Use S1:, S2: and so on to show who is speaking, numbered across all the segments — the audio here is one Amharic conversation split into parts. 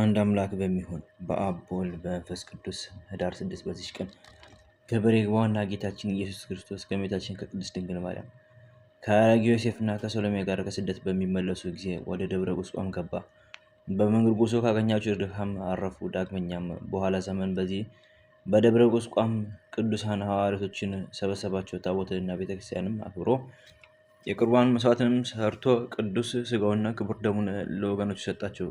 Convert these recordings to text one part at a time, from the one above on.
S1: አንድ አምላክ በሚሆን በአብ በወልድ በመንፈስ ቅዱስ ህዳር ስድስት በዚች ቀን ክብር ይግባውና ጌታችን ኢየሱስ ክርስቶስ ከእመቤታችን ከቅድስት ድንግል ማርያም ከአረግ ዮሴፍና ከሰሎሜ ጋር ከስደት በሚመለሱ ጊዜ ወደ ደብረ ቁስቋም ገባ። በመንገድ ጉዞ ካገኛቸው ድካም አረፉ። ዳግመኛም በኋላ ዘመን በዚህ በደብረ ቁስቋም ቅዱሳን ሐዋርያቶችን ሰበሰባቸው። ታቦትንና ቤተክርስቲያንም አክብሮ የቁርባን መስዋዕትንም ሰርቶ ቅዱስ ስጋውና ክቡር ደሙን ለወገኖቹ ሰጣቸው።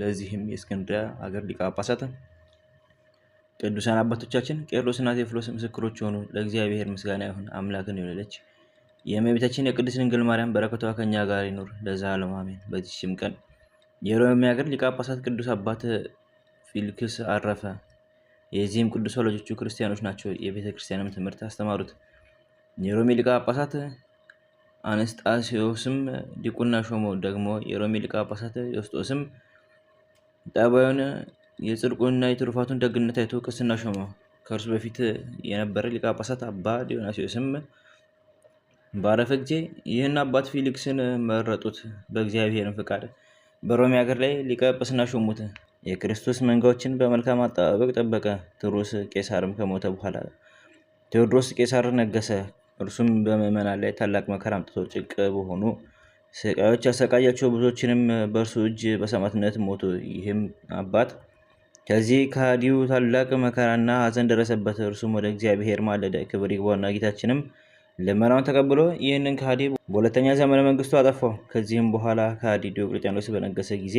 S1: ለዚህም የእስክንድርያ አገር ሊቀ ጳጳሳት ቅዱሳን አባቶቻችን ቄርሎስና ቴዎፍሎስ ምስክሮች ሆኑ። ለእግዚአብሔር ምስጋና ይሁን። አምላክን የወለደች የእመቤታችን የቅድስት ድንግል ማርያም በረከቷ ከእኛ ጋር ይኑር ለዘላለሙ አሜን። በዚችም ቀን የሮሜ ሀገር ሊቀ ጳጳሳት ቅዱስ አባት ፊልክስ አረፈ። የዚህም ቅዱስ ወላጆቹ ክርስቲያኖች ናቸው። የቤተ ክርስቲያንም ትምህርት አስተማሩት። የሮሚ ሊቀ ጳጳሳት አነስጣሲዮስም ዲቁና ሾመው። ደግሞ የሮሜ ሊቀ ጳጳሳት ዮስጦስም ጠባዩን የጽድቁንና የትሩፋቱን ደግነት አይቶ ቅስና ሾመው። ከእርሱ በፊት የነበረ ሊቀ ጳጳሳት አባ ዲዮናስዮስም ባረፈ ጊዜ ይህን አባት ፊሊክስን መረጡት። በእግዚአብሔርን ፈቃድ በሮሚ ሀገር ላይ ሊቀ ጵጵስና ሾሙት። የክርስቶስ መንጋዎችን በመልካም አጠባበቅ ጠበቀ። ትሩስ ቄሳርም ከሞተ በኋላ ቴዎድሮስ ቄሳር ነገሰ። እርሱም በምዕመናን ላይ ታላቅ መከራ አምጥቶ ጭቅ በሆኑ ስቃዮች ያሰቃያቸው ብዙዎችንም በእርሱ እጅ በሰማዕትነት ሞቱ። ይህም አባት ከዚህ ከሃዲው ታላቅ መከራና ሐዘን ደረሰበት። እርሱም ወደ እግዚአብሔር ማለደ። ክብር ይግባውና ጌታችንም ልመናውን ተቀብሎ ይህንን ከሃዲ በሁለተኛ ዘመነ መንግስቱ አጠፋው። ከዚህም በኋላ ከሃዲ ዲዮቅልጥያኖስ በነገሰ ጊዜ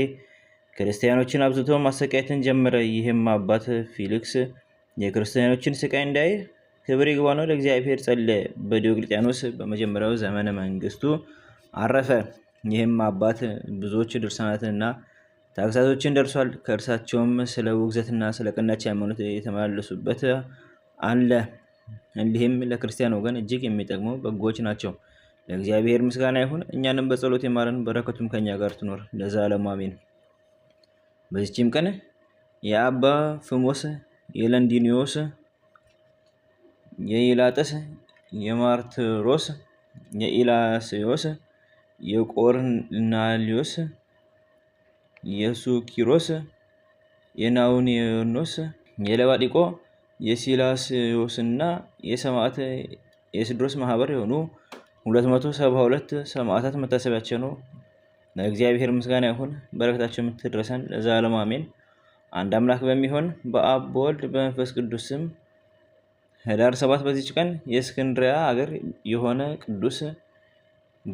S1: ክርስቲያኖችን አብዝቶ ማሰቃየትን ጀመረ። ይህም አባት ፊልክስ የክርስቲያኖችን ስቃይ እንዳይ ክብር ነው ለእግዚአብሔር ጸለ። በዲዮቅልጥያኖስ በመጀመሪያው ዘመነ መንግስቱ አረፈ። ይህም አባት ብዙዎች ድርሳናትንና ተግሳጾችን ደርሷል። ከእርሳቸውም ስለ ውግዘትና ስለ ቀናች ሃይማኖት የተመላለሱበት አለ። እንዲህም ለክርስቲያን ወገን እጅግ የሚጠቅሙ በጎዎች ናቸው። ለእግዚአብሔር ምስጋና ይሁን፣ እኛንም በጸሎት የማረን በረከቱም ከኛ ጋር ትኖር ለዘላለሙ አሜን። በዚችም ቀን የአባ ፍሞስ፣ የለንዲኒዮስ፣ የኢላጠስ፣ የማርትሮስ፣ የኢላስዮስ የቆርኔሌዎስ የሱኪሮስ የናውኔኖስ የለባዲቆ የሲላስዮስና የሰማዕት የስድሮስ ማህበር የሆኑ 272 ሰማዕታት መታሰቢያቸው ነው። ለእግዚአብሔር ምስጋና ይሁን፣ በረከታቸው የምትድረሰን ለዘላለሙ አሜን። አንድ አምላክ በሚሆን በአብ በወልድ በመንፈስ ቅዱስ ስም ህዳር ሰባት በዚች ቀን የእስክንድርያ አገር የሆነ ቅዱስ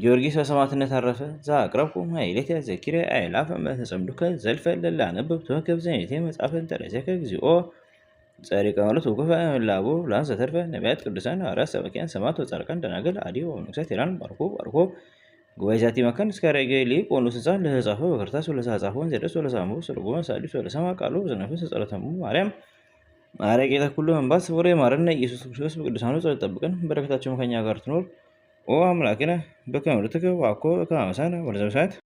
S1: ጊዮርጊስ በሰማዕትነት አረፈ። ዛ አቅረብኩ ኃይሌተ ዘኪረ አእላፈ እምተጸምዱከ ዘልፈ ለላ ለለአነብብ ትወከብ ዘኔቴ መጽሐፈን ተርእሰከ እግዚኦ ጸሪቀ መሎት ውክፈ እምላቡ ላንሰ ተርፈ ነቢያት ቅዱሳን አራ ሰበኪያን ሰማት ወጻድቃን ደናግል አዲ ወመነኮሳት ሄራን ባርኮ ባርኮ ጉባኤ ዛቲ መካን እስከ ሬገ ሊቅ ወንዶስ ህፃን ለተጻፈ በከርታስ ወለተጻፈውን ዘደስ ወለሳሙ ስርጉመ ሳዲስ ወለሰማ ቃሉ ዘነፍስ ጸሎተሙ ማርያም ማረቄ ተኩሉ መንባት ስቡሬ ማረና ኢየሱስ ክርስቶስ በቅዱሳኑ ጸሎት ጠብቀን በረከታቸው ከኛ ጋር ትኖር ओ हम लाके ना बेकार रहते क्यों आपको कहाँ आसान है बड़े जब साथ